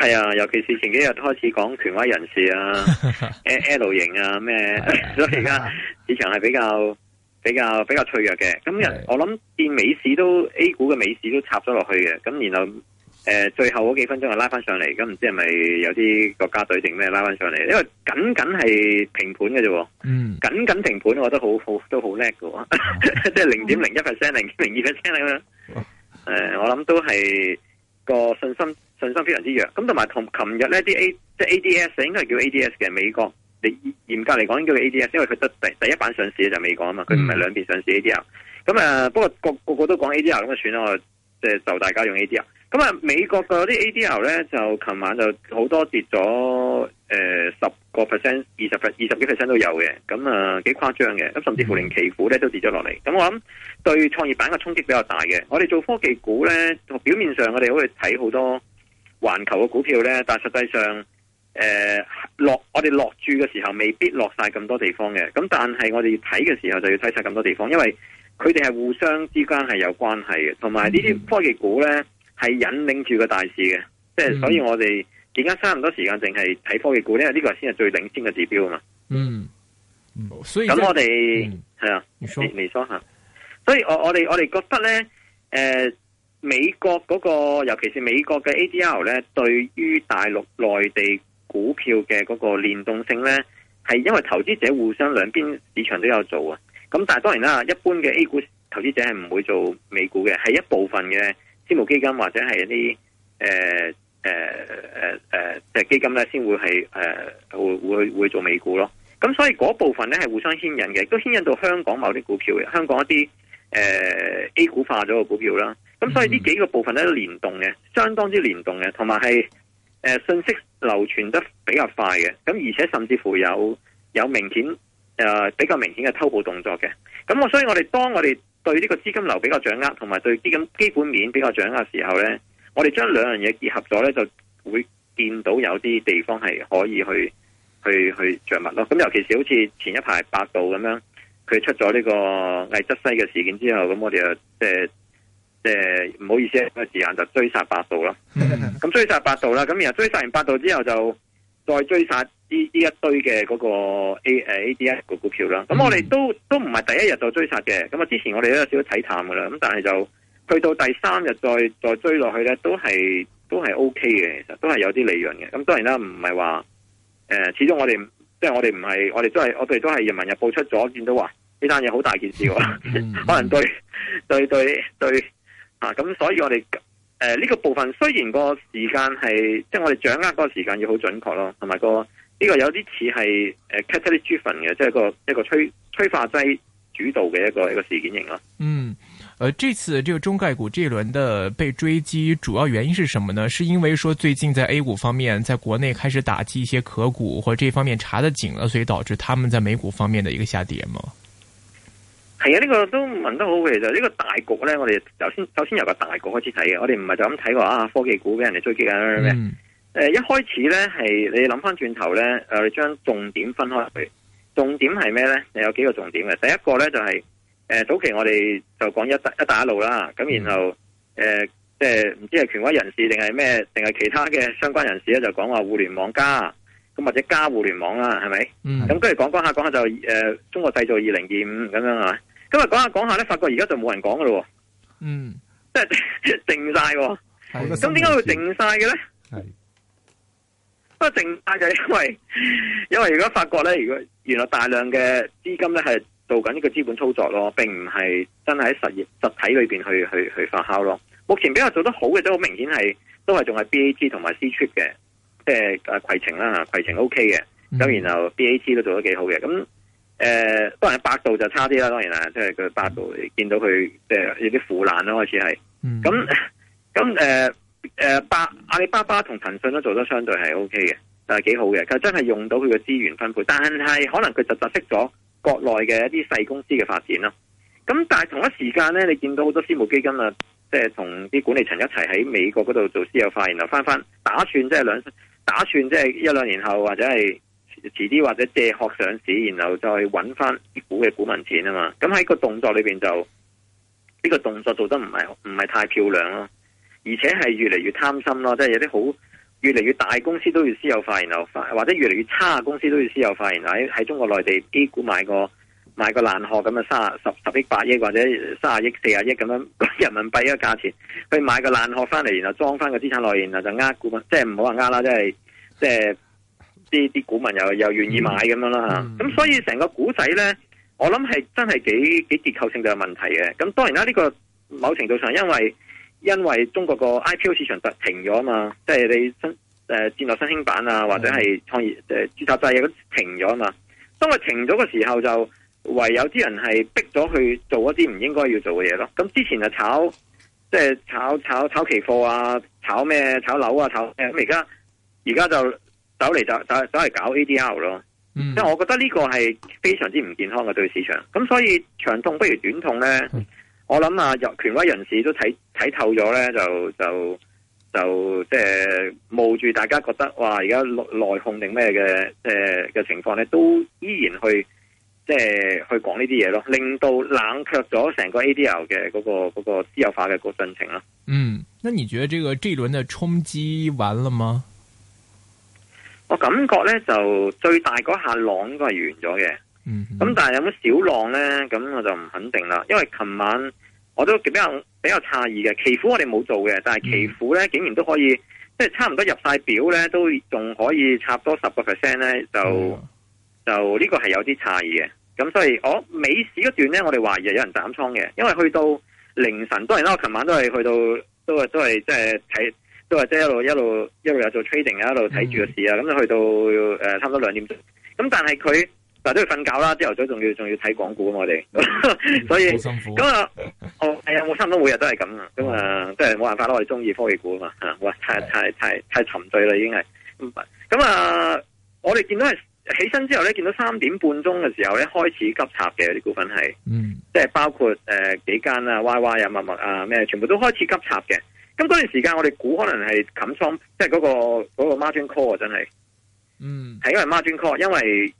係啊，尤其是前幾日開始講權威人士啊 ，L 型啊咩，什麼 所以而家市場係比較 比較比較脆弱嘅。咁我諗見美市都 A 股嘅美市都插咗落去嘅。咁然後誒、呃、最後嗰幾分鐘就拉翻上嚟，咁唔知係咪有啲國家隊定咩拉翻上嚟？因為僅僅係平盤嘅啫，僅僅平盤，僅僅我覺得好好都好叻嘅，即係零點零一 percent 零點零二 percent 咁樣。誒、嗯呃，我諗都係、個信心。信心非常之弱，咁同埋同琴日呢啲 A 即係 A D S，應該係叫 A D S 嘅美國。你嚴格嚟講應該叫 A D S，因為佢得第第一版上市嘅就係美國啊嘛，佢唔係兩邊上市 A D R。咁、嗯、啊、嗯，不過個個個都講 A D R 咁就算啦，我即係就大家用 A D R。咁、嗯、啊，美國嗰啲 A D R 咧就琴晚就好多跌咗誒十個 percent、二十二十幾 percent 都有嘅，咁啊幾誇張嘅。咁甚至乎連期股咧都跌咗落嚟。咁、嗯、我諗對創業板嘅衝擊比較大嘅。我哋做科技股咧，表面上我哋好似睇好多，環球嘅股票咧，但係實際上，誒、呃、落我哋落注嘅時候，未必落晒咁多地方嘅。咁但係我哋睇嘅時候，就要睇晒咁多地方，因為佢哋係互相之間係有關係嘅。同埋呢啲科技股咧，係引領住個大市嘅，嗯。即係所以我哋而家差唔多時間淨係睇科技股，因為呢個先係最領先嘅指標啊嘛嗯。嗯，所以咁、就是、我哋係、嗯、啊，你說，下，說下，所以我我哋我哋覺得咧，誒、呃。美國嗰個，尤其是美國嘅 ADR 咧，對於大陸內地股票嘅嗰個聯動性咧，係因為投資者互相兩邊市場都有做啊。咁但係當然啦，一般嘅 A 股投資者係唔會做美股嘅，係一部分嘅私募基金或者係一啲誒誒誒誒基金咧，先、呃、會係誒會會會做美股咯。咁所以嗰部分咧係互相牽引嘅，都牽引到香港某啲股票嘅，香港一啲誒、呃、A 股化咗嘅股票啦。咁所以呢幾個部分咧聯動嘅，相當之聯動嘅，同埋係誒信息流傳得比較快嘅。咁而且甚至乎有有明顯誒、呃、比較明顯嘅偷步動作嘅。咁我所以我哋當我哋對呢個資金流比較掌握，同埋對資金基本面比較掌握嘅時候呢，我哋將兩樣嘢結合咗呢，就會見到有啲地方係可以去去去掌握咯。咁尤其是好似前一排百度咁樣，佢出咗呢個魏則西嘅事件之後，咁我哋就，即、呃即唔好意思，個時間就追殺百度啦。咁 追殺百度啦，咁然後追殺完百度之後，就再追殺呢呢一堆嘅嗰個 A D S 個股票啦。咁、嗯、我哋都都唔係第一日就追殺嘅。咁啊，之前我哋都有少少睇淡噶啦。咁但係就去到第三日再再追落去咧，都係都係 O K 嘅，其實都係有啲利潤嘅。咁當然啦，唔係話誒，始終我哋即係我哋唔係我哋都係我哋都係人民日報出咗，見到話呢單嘢好大件事，啊，嗯、 可能對對對對。對對。啊，咁所以我哋誒呢個部分雖然個時間係，即係我哋掌握個時間要好準確咯，同埋個呢、這個有啲似係誒 catalyst driven 嘅，即係一個一個催催化劑主導嘅一個一個事件型咯。嗯，誒、呃，這次這個中概股這一輪的被追擊主要原因是什麼呢？是因為說最近在 A 股方面，在國內開始打擊一些殼股，或呢方面查得緊了，所以導致他們在美股方面的一個下跌嗎？係啊，呢、這個都問得好。其實呢個大局咧，我哋首先首先由個大局開始睇嘅。我哋唔係就咁睇話啊，科技股俾人哋追擊啊，咁、嗯、咩？誒、呃，一開始咧係你諗翻轉頭咧，我哋將重點分開去。重點係咩咧？有幾個重點嘅。第一個咧就係、是、誒、呃，早期我哋就講一,一帶一路啦。咁、嗯、然後誒，即係唔知係權威人士定係咩，定係其他嘅相關人士咧，就講話互聯網加咁或者加互聯網啦，係咪？咁跟住講講下講下講下就誒、呃，中國製造二零二五咁樣係咪？今日講下講下咧，發覺而家就冇人講噶咯，嗯，即係靜晒。咁點解會靜晒嘅咧？係，不過靜晒就因為，因為如果發覺咧，如果原來大量嘅資金咧係做緊呢個資本操作咯，並唔係真係喺實業實體裏邊去去去發酵咯。目前比較做得好嘅都好明顯係，都係仲係 B A T 同埋 Ctrip 嘅，即係誒攜程啦，攜程 O K 嘅，咁、嗯、然後 B A T 都做得幾好嘅，咁。誒、呃，當然百度就差啲啦，當然啦，即係佢百度見到佢即係有啲腐爛啦開始係。咁咁誒誒，巴阿里巴巴同騰訊都做得相對係 OK 嘅，但係幾好嘅，佢真係用到佢嘅資源分配，但係可能佢就窒息咗國內嘅一啲細公司嘅發展咯。咁但係同一時間咧，你見到好多私募基金啊，即係同啲管理層一齊喺美國嗰度做私有化，然後翻翻打算即係兩，打算即係一兩年後或者係。遲啲或者借殼上市，然後再搵翻啲股嘅股民錢啊嘛！咁喺個動作裏邊就呢個動作做得唔係唔係太漂亮咯，而且係越嚟越貪心咯，即係有啲好越嚟越大公司都要私有化，然後或者越嚟越差公司都要私有化，然後喺中國內地 A 股買個買個爛殼咁啊，三十十億、八億或者三十億、四十億咁樣人民幣一個價錢去買個爛殼翻嚟，然後裝翻個資產來，然後就呃股份，即係唔好話呃啦，即係即係。就是啲啲股民又又願意買咁樣啦，咁、嗯、所以成個股仔咧，我諗係真係幾幾結構性就有問題嘅。咁當然啦，呢個某程度上因為因為中國個 IPO 市場突停咗啊嘛，即、就、係、是、你新誒、呃、戰略新興板啊，或者係創業誒註冊制亦都停咗嘛。當佢停咗嘅時候就，就唯有啲人係逼咗去做一啲唔應該要做嘅嘢咯。咁之前就炒即係、就是、炒炒炒，炒期貨啊，炒咩炒樓啊，炒誒咁而家而家就。走嚟就走，走嚟搞 A D L 咯，嗯，即係我覺得呢個係非常之唔健康嘅對市場。咁所以長痛不如短痛咧，我諗啊，權威人士都睇睇透咗咧，就就就即係、就是、冒住大家覺得哇，而家內控定咩嘅誒嘅情況咧，都依然去即係去講呢啲嘢咯，令到冷卻咗成個 A D L 嘅嗰個嗰個私有化嘅個進程咯。嗯，那你覺得這個這一輪的衝擊完了嗎？我感覺咧就最大嗰下浪應該係完咗嘅，咁、嗯、但係有冇小浪咧？咁我就唔肯定啦。因為琴晚我都比較比較詫異嘅期貨，祈我哋冇做嘅，但係期貨咧竟然都可以即係差唔多入晒表咧，都仲可以插多十個 percent 咧，就就呢個係有啲詫異嘅。咁所以我尾市嗰段咧，我哋懷疑有人斬倉嘅，因為去到凌晨都係啦，我琴晚都係去到都係都係即係睇。就是都係即係一路一路一路有做 trading 啊，一路睇住個市啊，咁、嗯、就去到誒、呃、差唔多兩點鐘，咁但係佢嗱都要瞓覺啦，朝頭早仲要仲要睇港股啊我哋，嗯、 所以好辛苦。咁、哎哦嗯、啊，哦係啊，我差唔多每日都係咁啊，咁啊，即係冇辦法啦。我哋中意科技股啊嘛，吓、啊，哇，太太太太沉醉啦，已經係咁啊！我哋見到係起身之後咧，見到三點半鐘嘅時候咧，開始急插嘅啲股份係，嗯，即係包括誒、呃、幾間啊 Y Y 啊、陌陌啊咩，全部都開始急插嘅。咁嗰段時間，我哋估可能係冚倉，即係嗰個嗰個 margin call 啊，真係，嗯，係因為 margin call，因為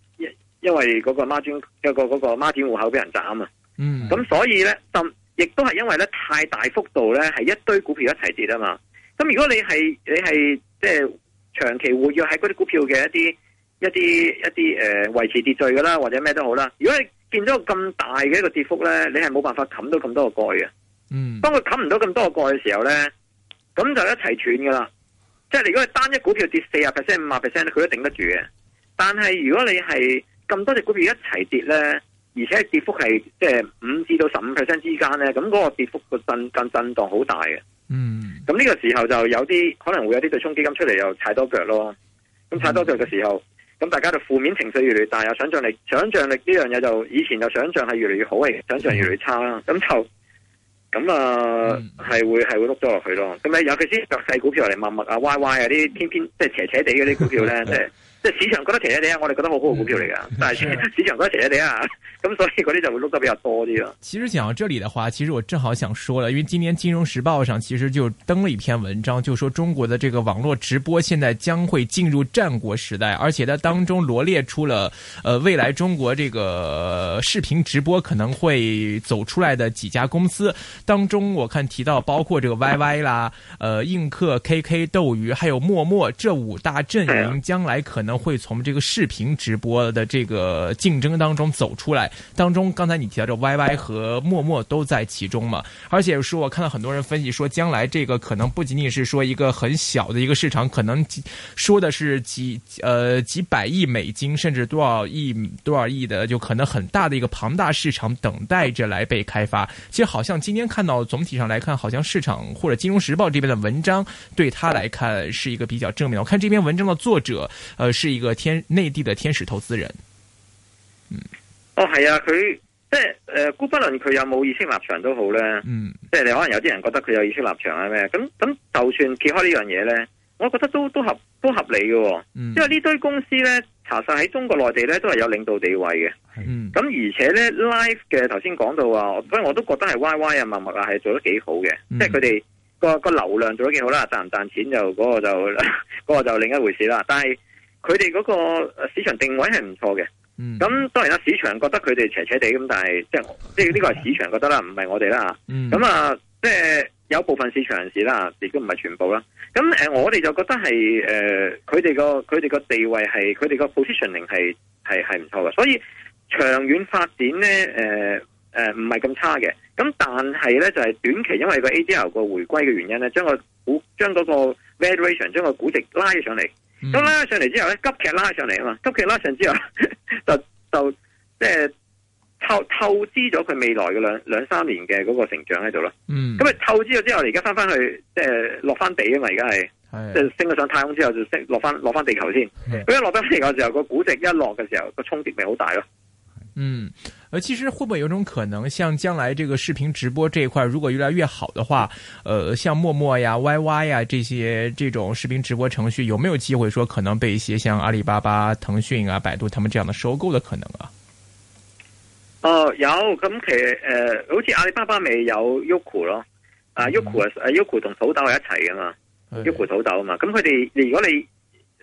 因為嗰個 margin 嗰個嗰個 margin 戶口俾人斬啊，嗯，咁所以咧，亦都係因為咧太大幅度咧，係一堆股票一齊跌啊嘛，咁如果你係你係即係長期活躍喺嗰啲股票嘅一啲一啲一啲誒維持秩序噶啦，或者咩都好啦，如果你見咗咁大嘅一個跌幅咧，你係冇辦法冚到咁多個蓋嘅，嗯，當佢冚唔到咁多個蓋嘅時候咧。咁就一齊斷噶啦，即係如果係單一股票跌四十 percent 五十 percent，佢都頂得住嘅。但係如果你係咁多隻股票一齊跌咧，而且跌幅係即係五至到十五 percent 之間咧，咁嗰個跌幅個震震震，震震震盪好大嘅。嗯，咁呢個時候就有啲可能會有啲對沖基金出嚟又踩多腳咯。咁踩多腳嘅時候，咁、嗯、大家就負面情緒越嚟越大，有想象力，想象力呢樣嘢就以前就想象係越嚟越好，而想象越嚟越差啦。咁就。咁啊，係、嗯、會係會碌咗落去咯，咁啊，尤其是弱細股票嚟默默啊，歪歪啊啲偏偏即係斜斜哋嗰啲股票咧，即 係、就是。 即市場覺得斜一哋，我哋覺得好好股票嚟㗎，但係市場覺得斜一哋啊，咁所以嗰啲就會碌得比較多啲咯。其實講到這裏的話，其實我正好想說了，因為今年《金融時報》上其實就登了一篇文章，就說中國的這個網絡直播現在將會進入戰國時代，而且它當中羅列出了，呃，未來中國這個視頻直播可能會走出來的幾家公司當中，我看提到包括這個 YY 啦，呃，映客 KK 鬥魚，還有陌陌這五大陣營將來可能。會從這個視頻直播的這個競爭當中走出來。當中，剛才你提到這 Y Y 和陌陌都在其中嘛？而且說，我看到很多人分析說，將來這個可能不僅僅是說一個很小的一個市場，可能幾說的是幾呃幾百億美金，甚至多少億多少億的，就可能很大的一個龐大市場等待着來被開發。其實，好像今天看到總體上來看，好像市場或者《金融時報》這邊的文章對他來看是一個比較正面。我看這篇文章的作者，呃。是一個天內地的天使投資人，哦係啊，佢即係誒，顧、呃、不論佢有冇意識立場都好咧，即係你可能有啲人覺得佢有意識立場係咩，咁、嗯、咁就算揭開呢樣嘢咧，我覺得都都合都合理嘅、哦，嗯，因為呢堆公司咧查實喺中國內地咧都係有領導地位嘅，咁、嗯、而且咧 Life 嘅頭先講到啊，所以我都覺得係歪歪啊、陌陌啊係做得幾好嘅、嗯，即係佢哋個個流量做得幾好啦，賺唔賺錢就嗰、嗰個就 個就另一回事啦，但係。佢哋嗰個市場定位係唔錯嘅，咁當然啦，市場覺得佢哋斜斜地咁，但係即係即係呢個係市場覺得啦，唔係我哋啦，咁、嗯、啊，即係有部分市場人士啦，亦都唔係全部啦。咁誒，我哋就覺得係誒，佢哋個佢哋個地位係佢哋個 positioning 係係係唔錯嘅，所以長遠發展咧，誒誒唔係咁差嘅。咁但係咧就係、是、短期因為個 A 股個回歸嘅原因咧，將個股將嗰個 valuation 將個估值拉咗上嚟。咁、嗯、拉上嚟之後咧，急劇拉上嚟啊嘛，急劇拉上之後就，就就即係透透支咗佢未來嘅兩兩三年嘅嗰個成長喺度啦。嗯，咁啊透支咗之後，而家翻翻去即係落翻地啊嘛，而家係即係升咗上太空之後就，就升落翻落翻地球先。咁一落翻地球嘅時候，個估值一落嘅時候，個衝跌咪好大咯。嗯。而其實會不會有種可能，像將來這個視頻直播這一塊，如果越來越好的話，呃，像陌陌呀、YY 呀這些這種視頻直播程序，有沒有機會說可能被一些像阿里巴巴、騰訊啊、百度他們這樣的收購的可能啊？哦，有咁其實誒、呃，好似阿里巴巴咪有 Youku、呃、Youku 咯，啊 Youku 同土豆係一齊噶嘛、嗯、Youku 土豆啊嘛，咁佢哋如果你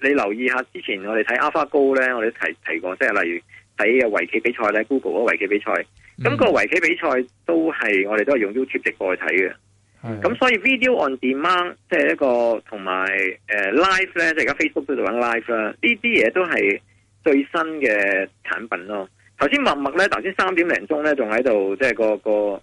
你留意下之前我哋睇 AlphaGo 咧，我哋提提過即係例如。睇嘅圍棋比賽咧，Google 嗰圍棋比賽，咁、嗯嗰個圍棋比賽都係我哋都係用 YouTube 直播去睇嘅，咁、嗯、所以 Video on demand 即係一個同埋、呃、live 咧，即係而家 Facebook 都玩 live 啦，呢啲嘢都係最新嘅產品咯。頭先默默咧，頭先三點零鐘咧仲喺度，即係個個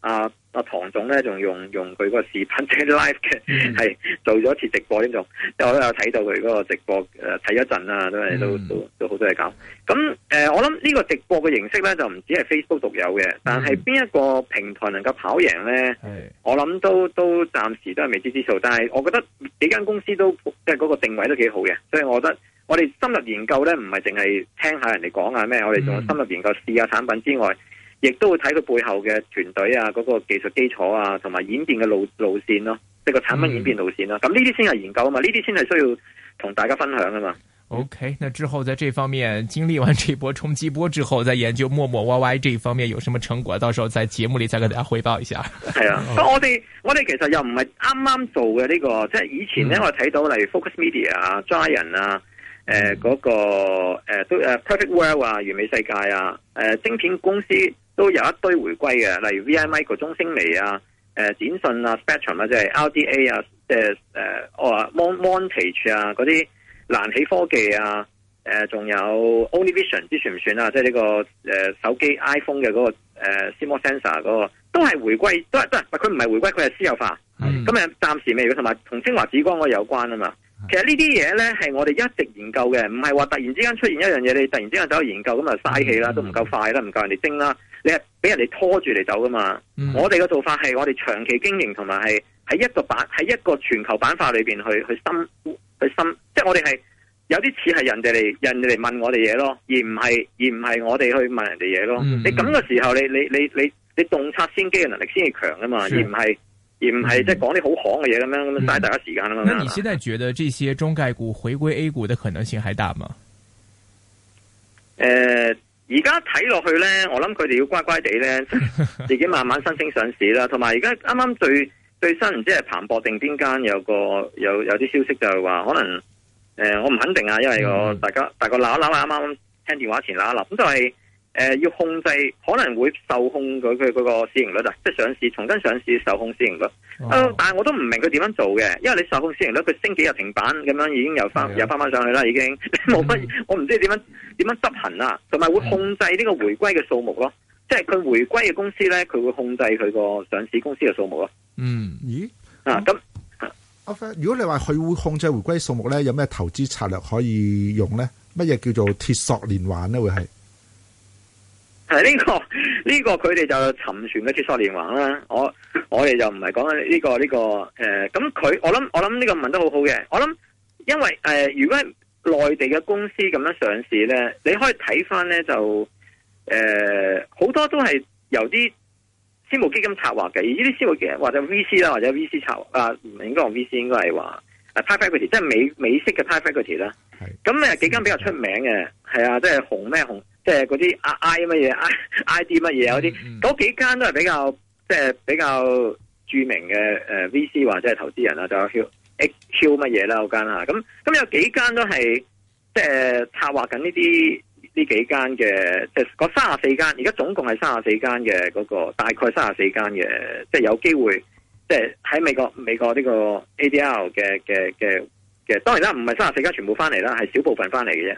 啊。阿唐總咧，仲用用佢個視頻即係 live 嘅，係、嗯、 做咗一次直播呢種，即係、呃嗯呃、我都有睇到佢嗰個直播，呃睇一陣啊，都係都都都好多嘢搞。咁呃、我諗呢個直播嘅形式咧，就唔止係 Facebook 獨有嘅，但係邊一個平台能夠跑贏咧、嗯？我諗都都暫時都係未知之數。但係我覺得幾間公司都即係嗰個定位都幾好嘅，所以我覺得我哋深入研究咧，唔係淨係聽下人哋講啊咩，我哋仲深入研究試下產品之外。嗯亦都會睇佢背後嘅團隊啊，嗰、那個技術基礎啊，同埋演變嘅路路線咯、啊，即個產品演變路線啊。咁呢啲先係研究啊嘛，呢啲先係需要同大家分享啊嘛。OK，那之後在這方面經歷完呢波衝擊波之後，再研究陌陌 YY 呢一方面有什麼成果，到時候在節目裏再給大家匯報一下。係啊，oh. 我哋我哋其實又唔係啱啱做嘅呢、這個，即係以前咧、嗯、我哋睇到例如 Focus Media、Giant、啊、Dryen、呃、啊、誒、嗯、嗰、那個誒都誒 Perfect World 啊、完美世界啊、誒、呃、晶片公司。嗯都有一堆回歸嘅，例如 Vimicro、中星微啊、誒、呃、展訊啊、Spectrum 啦，即係 RDA 啊，即係誒哦 Montage 啊，嗰啲藍起科技啊，誒、呃、仲有 OmniVision 知算唔算啊？即係呢、這個誒、呃、手機 iPhone 嘅嗰、那個誒 Smart、呃、Sensor 嗰、那個都係回歸，都都佢唔係回歸，佢係私有化，咁、mm. 啊暫時未嘅。同埋同清華紫光嗰個有關啊嘛。其實呢啲嘢咧係我哋一直研究嘅，唔係話突然之間出現一樣嘢，你突然之間走去研究咁啊嘥氣啦，mm. 都唔夠快啦，唔夠人哋爭啦。你係俾人哋拖住嚟走噶嘛？嗯、我哋嘅做法係我哋長期經營同埋係喺一個板喺一個全球板塊裏邊去去深去深，即係我哋係有啲似係人哋嚟人哋嚟問我哋嘢咯，而唔係而唔係我哋去問人哋嘢咯。嗯、你咁嘅時候，你你你你你，你洞察先機嘅能力先至強啊嘛？而唔係而唔係即係講啲好行嘅嘢咁樣晒大家時間啊嘛。嗯、你現在覺得這些中概股回歸 A 股的可能性還大嗎？誒、呃。而家睇落去咧，我諗佢哋要乖乖地咧，自己慢慢申請上市啦。同埋而家啱啱最最新唔知係彭博定邊間有個有有啲消息就係話可能誒、呃，我唔肯定啊，因為我大家大個扭一扭啊，啱啱聽電話前扭一扭，咁就係、是。誒、呃，要控制可能會受控佢佢個市盈率啊，即係上市重新上市受控市盈率。哦，但係我都唔明佢點樣做嘅，因為你受控市盈率佢升幾日停板咁樣已，哎，已經又翻又翻翻上去啦，已經冇乜。我唔，嗯，、知點樣點樣執行啦，同埋會控制呢個回歸嘅數目咯，嗯，即係佢回歸嘅公司咧，佢會控制佢個上市公司嘅數目咯。嗯，咦啊咁啊？哦 okay. 如果你話佢會控制回歸數目咧，有咩投資策略可以用咧？乜嘢叫做鐵索連環咧？會係？係呢、這個呢、這個佢哋就沉船嘅脫縮連環啦，我我哋就唔係講緊呢個呢、這個誒，咁、呃、佢我諗我諗呢個問得好好嘅，我諗因為誒、呃、如果內地嘅公司咁樣上市咧，你可以睇翻咧就誒好、呃、多都係由啲私募基金策劃嘅，呢啲私募嘅或者 V C 啦或者 V C 策啊唔、呃、應該用 V C，應該係話。啊，private equity 即係美美式嘅 private equity 啦。咁誒，幾間比較出名嘅，係啊，即係紅咩紅，即係嗰啲 I 乜嘢 I I 啲乜嘢，有啲嗰幾間都係比較即係比較著名嘅誒、呃，VC 或者係投資人啦，就有 H Q 乜嘢啦，嗰間吓。咁咁有幾間都係即係策劃緊呢啲呢幾間嘅，即係嗰三十四間，而家總共係三十四間嘅嗰個大概三十四間嘅，即係有機會。即係喺美國，美國呢個 ADR 嘅嘅嘅嘅，當然啦，唔係三十四家全部翻嚟啦，係小部分翻嚟嘅啫。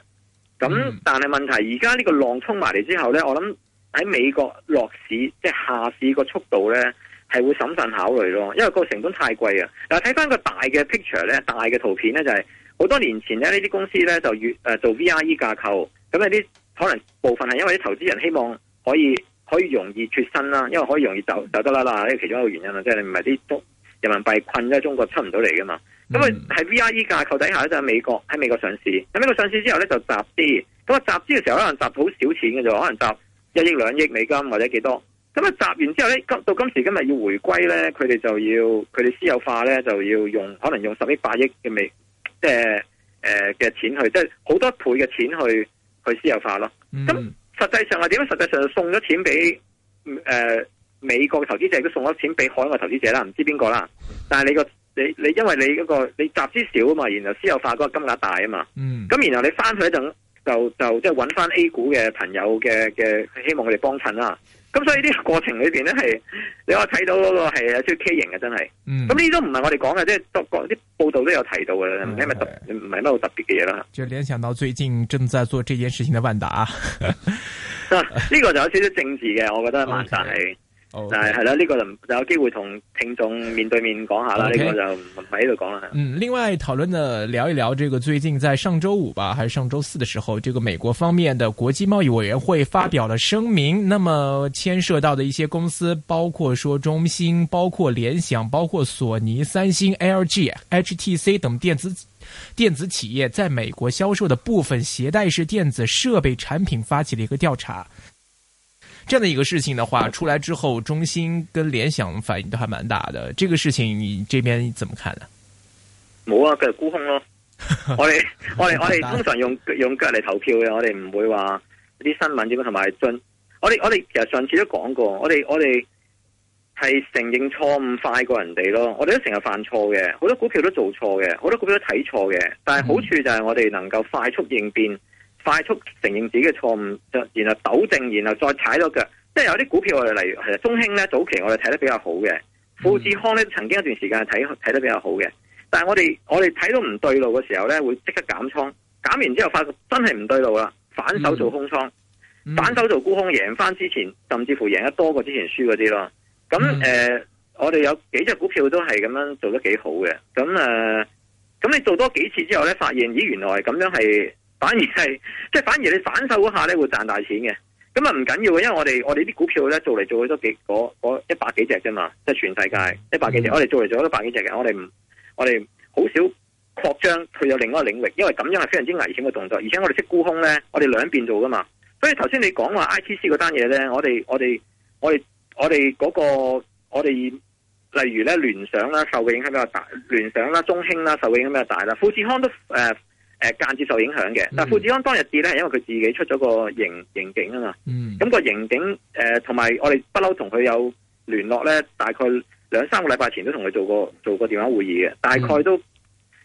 咁、嗯、但係問題，而家呢個浪衝埋嚟之後咧，我諗喺美國落市，即係下市個速度咧，係會審慎考慮咯，因為個成本太貴啊。但係，睇翻個大嘅 picture 咧，大嘅圖片咧就係好多年前咧，呢啲公司咧就越誒做 VIE 架構，咁有啲可能部分係因為啲投資人希望可以。可以容易脫身啦，因為可以容易走、嗯、走得啦啦，呢個其中一個原因啦，即係你唔係啲都人民幣困咗，喺中國出唔到嚟噶嘛。咁、嗯、啊，喺 VIE 架構底下咧就喺、是、美國喺美國上市。喺美國上市之後咧就集資，咁啊集資嘅時候可能集到好少錢嘅就可能集一億兩億美金或者幾多。咁啊集完之後咧，到今時今日要回歸咧，佢哋就要佢哋私有化咧，就要用可能用十億八億嘅美即係誒嘅錢去，即係好多倍嘅錢去去私有化咯。咁、嗯。實際上係點咧？實際上係送咗錢俾誒、呃、美國嘅投資者，都送咗錢俾海外投資者啦，唔知邊個啦。但係你個你你，因為你嗰、嗰個你集資少啊嘛，然後私有化嗰個金額大啊嘛，嗯，咁然後你翻去一陣就就即係揾翻 A 股嘅朋友嘅嘅，希望佢哋幫襯啦。咁、嗯、所以呢個過程裏邊咧係，你話睇到嗰個係有少少畸形嘅真係，咁、嗯、呢、嗯、都唔係我哋講嘅，即係多講啲報道都有提到嘅，唔、嗯、係特唔係乜好特別嘅嘢啦，就聯想到最近正在做這件事情嘅萬達，呢、 啊這個就有少少政治嘅，我覺得萬達系。Okay. 係係啦，呢、 這個就有機會同聽眾面對面講下啦，呢、okay. 個就唔喺度講啦。嗯，另外討論的聊一聊這個最近在上周五吧，還是上周四的時候，這個美國方面的國際貿易委員會發表了聲明，那麼牽涉到的一些公司，包括說中興、包括聯想、包括索尼、三星、LG、HTC 等電子電子企業，在美國銷售的部分攜帶式電子設備產品，發起了一個調查。這樣的一個事情的話出來之後，中興跟聯想反應都還蠻大的。這個事情你這邊怎麼看呢？冇啊，佢係沽空咯。 我哋我哋我哋通常用用腳嚟投票嘅，我哋唔會話啲新聞點樣同埋進。我哋我哋其實上次都講過，我哋我哋係承認錯誤快過人哋咯。我哋都成日犯錯嘅，好多股票都做錯嘅，好多股票都睇錯嘅。但係好處就係我哋能夠快速應變。嗯快速承認自己嘅錯誤，然後糾正，然後再踩多腳。即係有啲股票我哋例如中興咧，早期我哋睇得比較好嘅，嗯，富士康咧曾經一段時間係睇睇得比較好嘅。但係我哋我哋睇到唔對路嘅時候咧，會即刻減倉，減完之後發覺真係唔對路啦，反手做空倉，嗯嗯，反手做沽空，贏翻之前，甚至乎贏得多過之前輸嗰啲咯。咁誒、嗯呃，我哋有幾隻股票都係咁樣做得幾好嘅。咁誒，咁、呃、你做多幾次之後咧，發現咦原來咁樣係。反而係，即係反而你反手嗰下咧會賺大錢嘅。咁啊，唔緊要嘅，因為我哋我哋啲股票咧做嚟做去都幾嗰嗰一百幾隻啫嘛，即係全世界一百幾隻。我哋做嚟做去都百幾隻嘅，我哋唔我哋好少擴張去到另外一個領域，因為咁樣係非常之危險嘅動作。而且我哋識沽空咧，我哋兩邊做噶嘛。所以頭先你講話 I T C 嗰單嘢咧，我哋我哋我哋我哋嗰個我哋例如咧聯想啦，受嘅影響比較大；聯想啦中興啦，受嘅影響比較大啦。富士康都誒。呃誒、呃，間接受影響嘅。Mm-hmm. 但係富士康當日跌咧，係因為佢自己出咗個盈盈警啊嘛。嗯。咁個盈警誒，同、呃、埋我哋不嬲同佢有聯絡咧，大概兩三個禮拜前都同佢做過做過電話會議嘅，大概都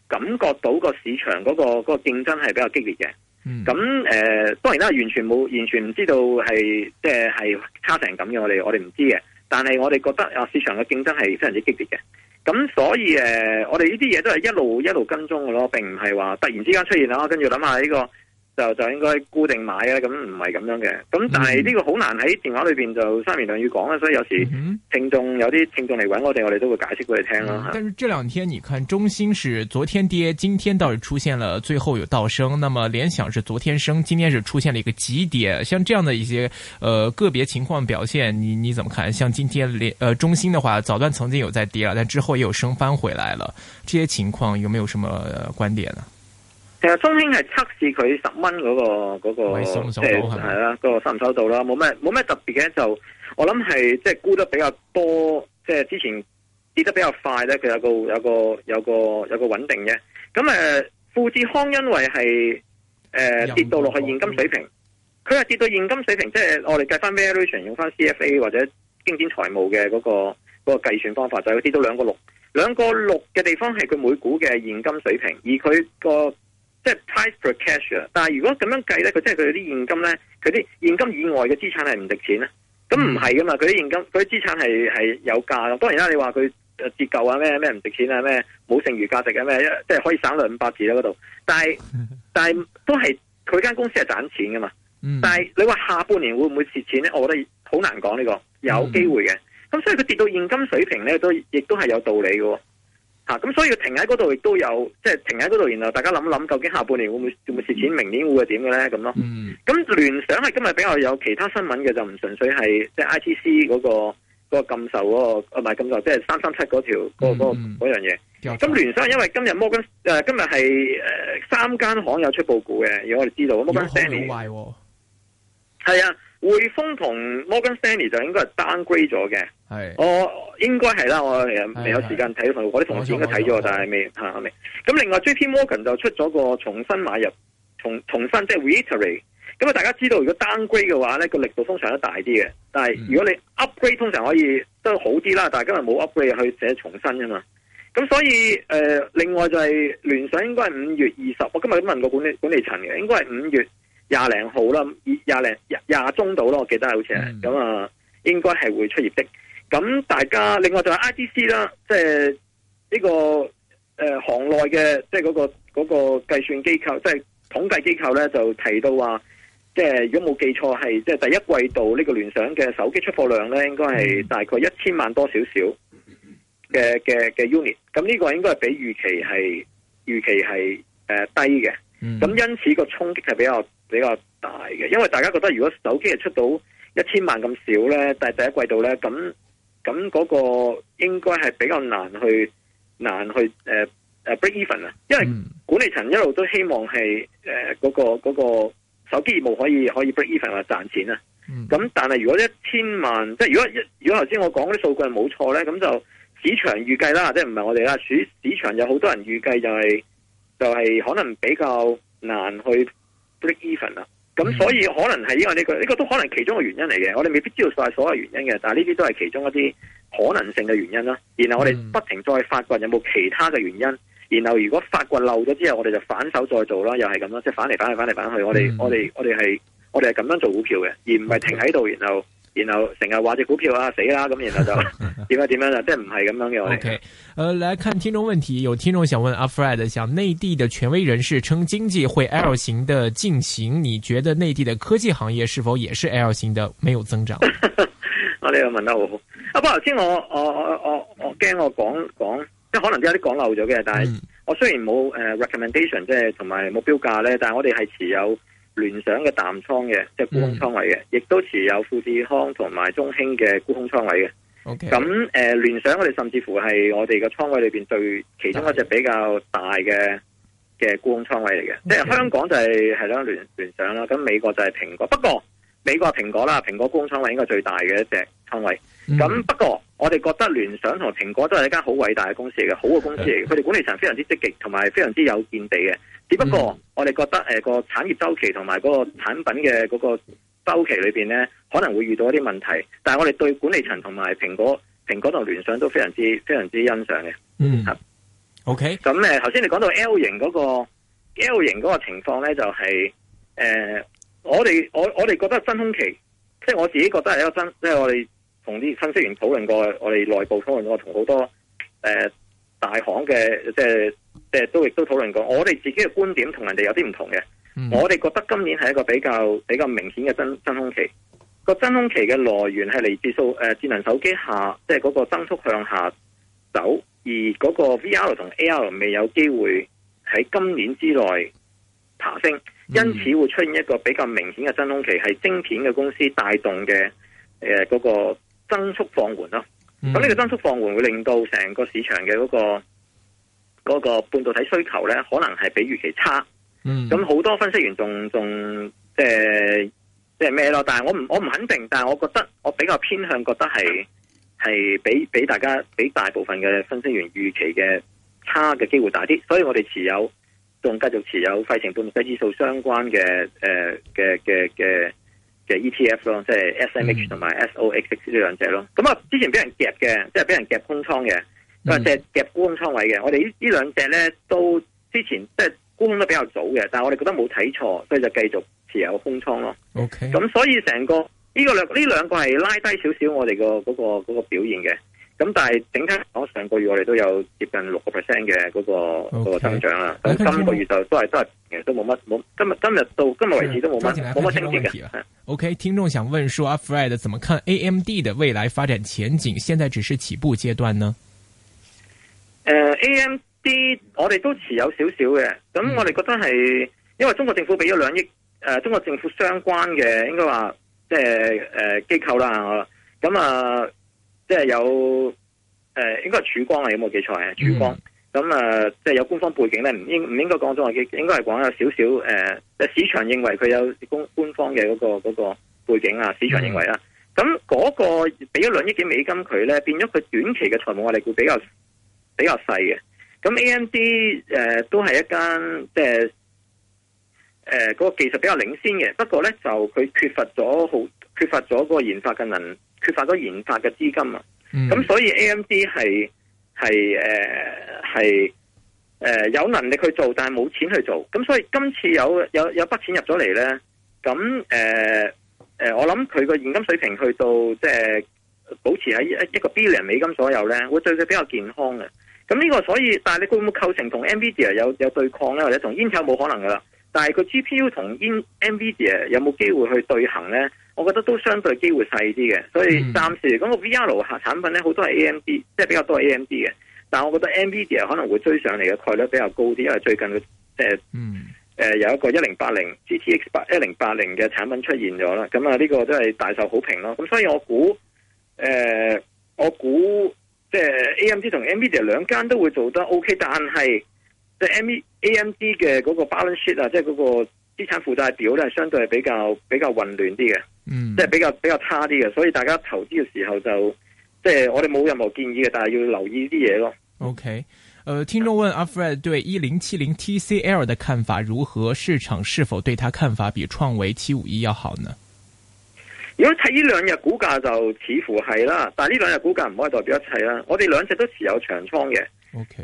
感覺到個市場嗰、那個嗰、那個競爭係比較激烈嘅。嗯、mm-hmm.。咁、呃、誒，當然啦，完全冇，完全唔知道係即係係差成咁嘅，我哋我哋唔知嘅。但係我哋覺得啊，市場嘅競爭係非常之激烈嘅。咁所以誒，我哋呢啲嘢都係一路一路跟蹤嘅咯，並唔係話突然之間出現啦，跟住諗下呢個。就就應該固定買啊，咁唔係咁樣嘅。咁但係呢個好難喺電話裏邊就三言兩語講啦，所以有時聽眾有啲聽眾嚟搵我哋，我哋都會解釋俾佢聽啦。但是這兩天，你看中興是昨天跌，今天倒是出現了最後有倒升。那麼聯想是昨天升，今天是出現了一個急跌。像這樣的一些，呃個別情況表現，你你怎麼看？像今天聯，呃中興的話，早段曾經有在跌了，但之後也有升翻回來了。這些情況有沒有什麼、呃、觀點呢？其實中興係測試佢十蚊嗰個嗰個，即係啦，嗰個收唔收到啦，冇咩冇咩特別嘅就，我諗係即係沽得比較多，即係之前跌得比較快咧，佢有個有個有個有個穩定嘅。咁呃富智康因為係呃跌到落去現金水平，佢係跌到現金水平，嗯、即係、哦、我哋計翻 valuation 用翻 CFA 或者經典財務嘅嗰個嗰個計算方法，就係佢跌到兩個六，兩個六嘅地方係佢每股嘅現金水平，而佢個。即、係 price per cash 啊，但係如果咁樣計咧，佢即係佢啲現金咧，佢啲現金以外嘅資產係唔值錢啊？咁唔係噶嘛，佢啲現金佢啲資產係係有價噶。當然啦，你話佢折舊啊咩咩唔值錢啊咩冇剩餘價值啊咩，即係可以省兩百字啦嗰度。但係但係都係佢間公司係賺錢噶嘛。但係你話下半年會唔會蝕錢咧？我覺得好難講呢個，有機會嘅。咁所以佢跌到現金水平咧，都亦都係有道理嘅。咁、啊、所以停喺嗰度亦都有，即、就、係、是、停喺嗰度，然後大家諗諗究竟下半年會唔會會唔蝕錢，明年會係點嘅咧咁咯。咁、嗯、聯想係今日比較有其他新聞嘅，就唔純粹係即係 I T C 嗰、那個那個禁售，感、那、嗰個，唔係禁售，即係三三七嗰條嗰、那個、嗯、那樣嘢。咁聯想因為今日摩根誒、呃、今日係誒三間行有出報告嘅，如果我哋知道，摩根 Stanley、哦、啊。匯豐同 Morgan Stanley 就應該係 downgrade 咗嘅、哦，我應該係啦，我未有時間睇我啲同事應該睇咗，但係未嚇未。咁、嗯嗯、另外 JP Morgan 就出咗個重新買入，重重新即係 reiterate。咁啊，大家知道如果 downgrade 嘅話咧，個力度通常都大啲嘅。但係如果你 upgrade 通常可以都好啲啦，但係今日冇 upgrade 去寫重新啊嘛。咁所以誒、呃，另外就係聯想應該係五月二十，我今日都問過管理管理層嘅，應該係五月，廿零號啦，廿零廿廿中度咯，我記得好似係咁啊，應該係會出業績。咁大家另外就係 IDC 啦，即係呢個誒行內嘅，即係嗰個嗰個計算機構，即係統計機構咧，就提到話，即係如果冇記錯係，即係第一季度呢個聯想嘅手機出貨量咧，應該係大概一千萬多少少嘅嘅嘅 unit。咁呢個應該係比預期係預期係誒低嘅。咁、嗯、因此個衝擊係比較比較大嘅，因為大家覺得如果手機係出到一千萬咁少咧，但係第一季度咧，咁咁嗰個應該係比較難去難去誒誒、呃啊、break even 啊，因為管理層一路都希望係誒嗰個、嗰個手機業務可以可以 break even 或賺錢啊。咁、嗯、但係如果一千萬，即係如果如果頭先我講嗰啲數據係冇錯咧，咁就市場預計啦，即係唔係我哋啦，市市場有好多人預計就係、是。就係、是、可能比較難去 break even 啦，咁所以可能係因為呢、呢個呢、呢個都可能是其中嘅原因嚟嘅，我哋未必知道晒所有原因嘅，但係呢啲都係其中一啲可能性嘅原因啦。然後我哋不停再發掘有冇其他嘅原因，然後如果發掘漏咗之後，我哋就反手再做啦，又係咁啦，即、就、係、是、反嚟反去反嚟反去，我哋、mm-hmm. 我哋我哋係我哋係咁樣做股票嘅，而唔係停喺度然後。然後成日話隻股票啊死啦咁，然後就點 樣點樣啦，即係唔係咁樣嘅。O、okay. K，呃，來看聽眾問題，有聽眾想問阿 Fred，想內地嘅權威人士稱經濟會 L 型嘅進行，你覺得內地嘅科技行業是否也是 L 型的，沒有增長？ 我哋又問得好好。阿、啊、不，頭先我我我我驚我，我講講，即係可能都有啲講漏咗嘅。但係我雖然冇誒、呃、recommendation 即係同埋目標價咧，但係我哋係持有。聯想嘅淡倉嘅，即係沽空倉位嘅，亦、嗯、都持有富士康同埋中興嘅沽空倉位嘅。咁、Okay. 誒，聯、呃、想我哋甚至乎係我哋嘅倉位裏邊最其中一隻比較大嘅嘅沽空倉位嚟嘅。Okay. 即係香港就係係咯聯聯想啦，咁美國就係蘋果。不過美國蘋果啦，蘋果沽空倉位應該最大嘅一隻倉位。咁、嗯、不過我哋覺得聯想同蘋果都係一間好偉大嘅公司嚟嘅，好嘅公司嚟嘅。佢 哋管理層非常之積極，同埋非常之有見地嘅。只不過我哋覺得誒個、呃、產業周期同埋個產品嘅個周期裏邊咧，可能會遇到一啲問題。但係我哋對管理層同埋蘋果、蘋果同聯想都非常之非常之欣賞嘅。嗯，好。O、okay. K。咁誒，頭先你講到 L 型嗰、那個 L 型個情況咧，就係、是、誒、呃、我哋我我哋覺得真空期，即、就、係、是、我自己覺得係一個真，即、就、係、是、我哋同啲分析員討論過，我哋內部討論過，同好多誒、呃、大行嘅即係。即係都亦都討論過，我哋自己嘅觀點,人有點不同人哋有啲唔同嘅。我哋覺得今年係一個比較比較明顯嘅真真,真空期。個真空期嘅來源係嚟自數誒、呃、智能手機下，即係嗰個增速向下走，而嗰個 VR 同 AR 未有機會喺今年之內爬升、嗯，因此會出現一個比較明顯嘅真空期，係晶片嘅公司帶動嘅誒嗰個增速放緩咯。咁、嗯、呢個增速放緩會令到成個市場嘅嗰、那個。嗰個半導體需求咧，可能係比預期差。嗯，咁好多分析員仲仲即係即係咩咯？但係我唔我唔肯定，但係我覺得我比較偏向覺得係係比比大家比大部分嘅分析員預期嘅差嘅機會大啲。所以我哋持有仲繼續持有費城半導體指數相關嘅誒嘅嘅嘅嘅 ETF 咯、嗯，即係 SMH 同埋 SOX 呢兩隻咯。咁啊，之前俾人夾嘅，即係俾人夾空倉嘅。佢係夾夾沽空倉位嘅，我哋呢呢兩隻咧都之前即係沽得比較早嘅，但係我哋覺得冇睇錯，所以就繼續持有空倉咯。OK，咁、嗯、所以成個呢、這個呢兩個係拉低少少我哋、那個嗰、那個、那個表現嘅，咁但係整體我上個月我哋都有接近六個、那個 percent 嘅嗰個個增長啦。咁、okay. 今個月就都係、哦、都係其實都冇乜冇今日今日到今日為止都冇乜冇乜升跌嘅。OK，聽眾想問說阿 Fred 怎麼看 AMD 嘅未來發展前景？現在只是起步階段呢？誒、呃、AMD 我哋都持有少少嘅，咁我哋覺得係因為中國政府俾咗兩億誒，中國政府相關嘅應該話即係誒機構啦，咁、呃、啊、呃，即係有誒、呃，應該係曙光啊，有、這、冇、個、記錯曙光咁啊、嗯嗯呃，即係有官方背景咧，唔應唔應該講中國嘅，應該係講有少少誒，市場認為佢有官方嘅嗰、那個、那個背景啊，市場認為啦，咁、嗯、嗰個俾咗兩億幾美金佢咧，變咗佢短期嘅財務壓力會比較比較細嘅，咁 AMD 誒、呃、都係一間即係誒嗰個技術比較領先嘅，不過咧就佢缺乏咗好缺乏咗個研發嘅能力，缺乏咗研發嘅資金啊，咁、嗯、所以 AMD 係係誒係誒有能力去做，但係冇錢去做，咁所以今次有有有筆錢入咗嚟咧，咁誒誒我諗佢個現金水平去到即係、就是、保持喺一一個 billion 美金左右咧，會對佢比較健康嘅。咁呢個所以，但係你會唔會構成同 Nvidia 有有對抗咧，或者同 Intel 冇可能噶啦。但係個 GPU 同 Nvidia 有冇機會去對衡咧？我覺得都相對機會細啲嘅。所以暫時咁、個 VR 下產品咧，好多係 AMD，即係比較多係 AMD 嘅。但係我覺得 Nvidia 可能會追上嚟嘅概率比較高啲，因為最近佢誒誒有一個一零八零 GTX 八一零八零嘅產品出現咗啦。咁啊，呢個都係大受好評咯。咁所以我估誒、呃，我估。即、就、係、是、AMD 同 Nvidia 兩間都會做得 OK，但係即係 AM AMD 嘅嗰個 balance sheet 啊，即係嗰個資產負債表咧，相對係比較比較混亂啲嘅，嗯，即、就、係、是、比較比較差啲嘅，所以大家投資嘅時候就即係、就是、我哋冇任何建議嘅，但係要留意啲嘢咯。OK，誒、呃，聽眾問阿 Fred 對一零七零 TCL 嘅看法如何？市場是否對他看法比創維七五一要好呢？如果睇呢兩日股價就似乎係啦，但係呢兩日股價唔可以代表一切啦。我哋兩隻都持有長倉嘅，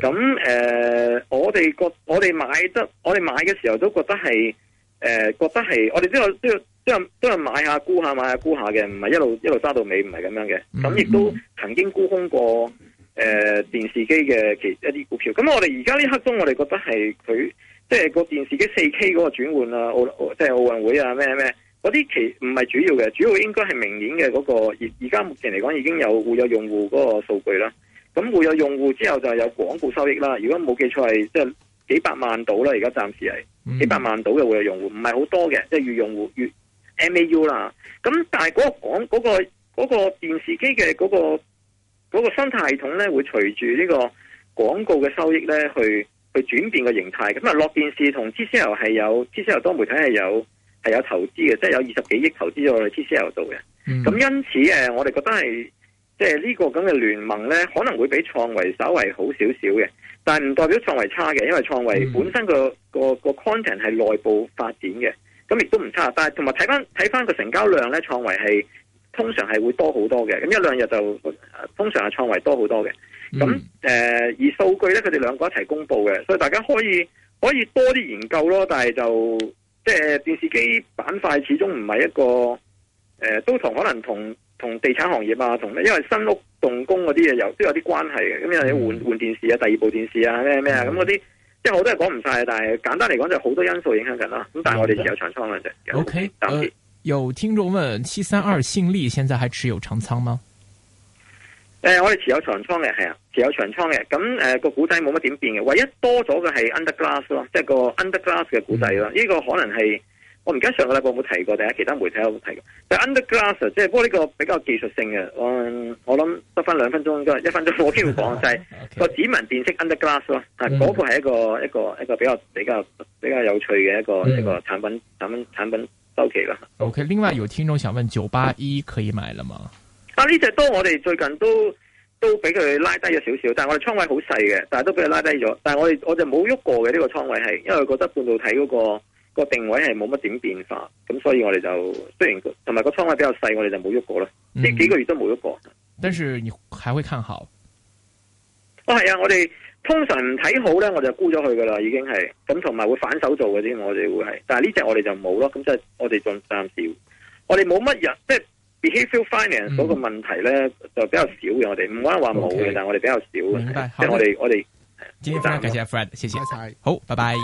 咁、okay. 誒、呃，我哋覺得我哋買得，我哋買嘅時候都覺得係誒、呃，覺得係我哋都有都有都都係買下沽下買下沽下嘅，唔係一路一路揸到尾，唔係咁樣嘅。咁、mm-hmm. 亦都曾經沽空過誒、呃、電視機嘅其一啲股票。咁我哋而家呢刻中，我哋覺得係佢即係個電視機四 K 嗰個轉換啊，奧即係奧運會啊，咩咩。嗰啲其唔係主要嘅，主要應該係明年嘅嗰個而而家目前嚟講已經有會有用戶嗰個數據啦。咁會有用戶之後就係有廣告收益啦。如果冇記錯係即係幾百萬度啦，而家暫時係幾百萬度嘅會有用戶，唔係好多嘅，即係月用戶月 MAU 啦。咁但係嗰個廣嗰個嗰個電視機嘅嗰個嗰個生態系統咧，會隨住呢個廣告嘅收益咧去去轉變個形態。咁啊，落電視同 TCL 係有，TCL 多媒體係有。有投資嘅，即、就、係、是、有二十幾億投資咗喺 TCL 度嘅。咁、嗯、因此誒，我哋覺得係即係呢個咁嘅聯盟咧，可能會比創維稍微好少少嘅，但係唔代表創維差嘅，因為創維本身嘅、嗯、個個個 content 係內部發展嘅，咁亦都唔差。但係同埋睇翻睇翻個成交量咧，創維係通常係會多好多嘅。咁一兩日就通常係創維多好多嘅。咁、嗯、誒、呃，而數據咧，佢哋兩個一齊公布嘅，所以大家可以可以多啲研究咯。但係就即係電視機板塊始終唔係一個誒、呃，都同可能同同地產行業啊，同因為新屋動工嗰啲嘢有都有啲關係嘅，咁有啲換換電視啊，第二部電視啊，咩咩啊，咁嗰啲即係好多嘢講唔晒，但係簡單嚟講就好多因素影響緊啦。咁但係我哋持有長倉嘅啫。嗯、o、okay, K，、嗯呃、有聽眾問：七三二信利現在還持有長倉嗎？誒、呃，我哋持有長倉嘅係啊。有長倉嘅，咁、那、誒個股仔冇乜點變嘅，唯一多咗嘅係 underglass 咯，即係個 underglass 嘅股仔咯。呢、嗯這個可能係我唔記得上個禮拜有冇提過，定係其他媒體有冇提過？就 underglass，即係不過呢個比較技術性嘅。我我諗得翻兩分鐘，都一分鐘我，我機會講就係個指紋辨識 underglass 咯。嗱，嗰個係一個、嗯、一個一個比較比較比較有趣嘅一個、嗯、一個產品產品產品週期啦。OK，另外有聽眾想問九八一可以買啦嘛？啊，呢隻都我哋最近都。都俾佢拉低咗少少，但係我哋倉位好細嘅，但係都俾佢拉低咗。但係我哋我就冇喐過嘅呢、這個倉位係，因為覺得半導體嗰、那個、那個定位係冇乜點變化，咁所以我哋就雖然同埋個倉位比較細，我哋就冇喐過咯。呢、嗯、幾個月都冇喐過。但是你還會看好？哦係啊，我哋通常睇好咧，我就沽咗佢噶啦，已經係咁，同埋會反手做嗰啲，我哋會係。但係呢隻我哋就冇咯，咁即係我哋仲暫時，我哋冇乜人即係。Behavioral finance 嗰個問題咧，就比較少嘅我哋，唔可能話冇嘅，但係我哋比較少嘅。即係我哋我哋，今日暫時介紹阿 Fred，多謝，謝謝，Bye-bye. 好，拜拜。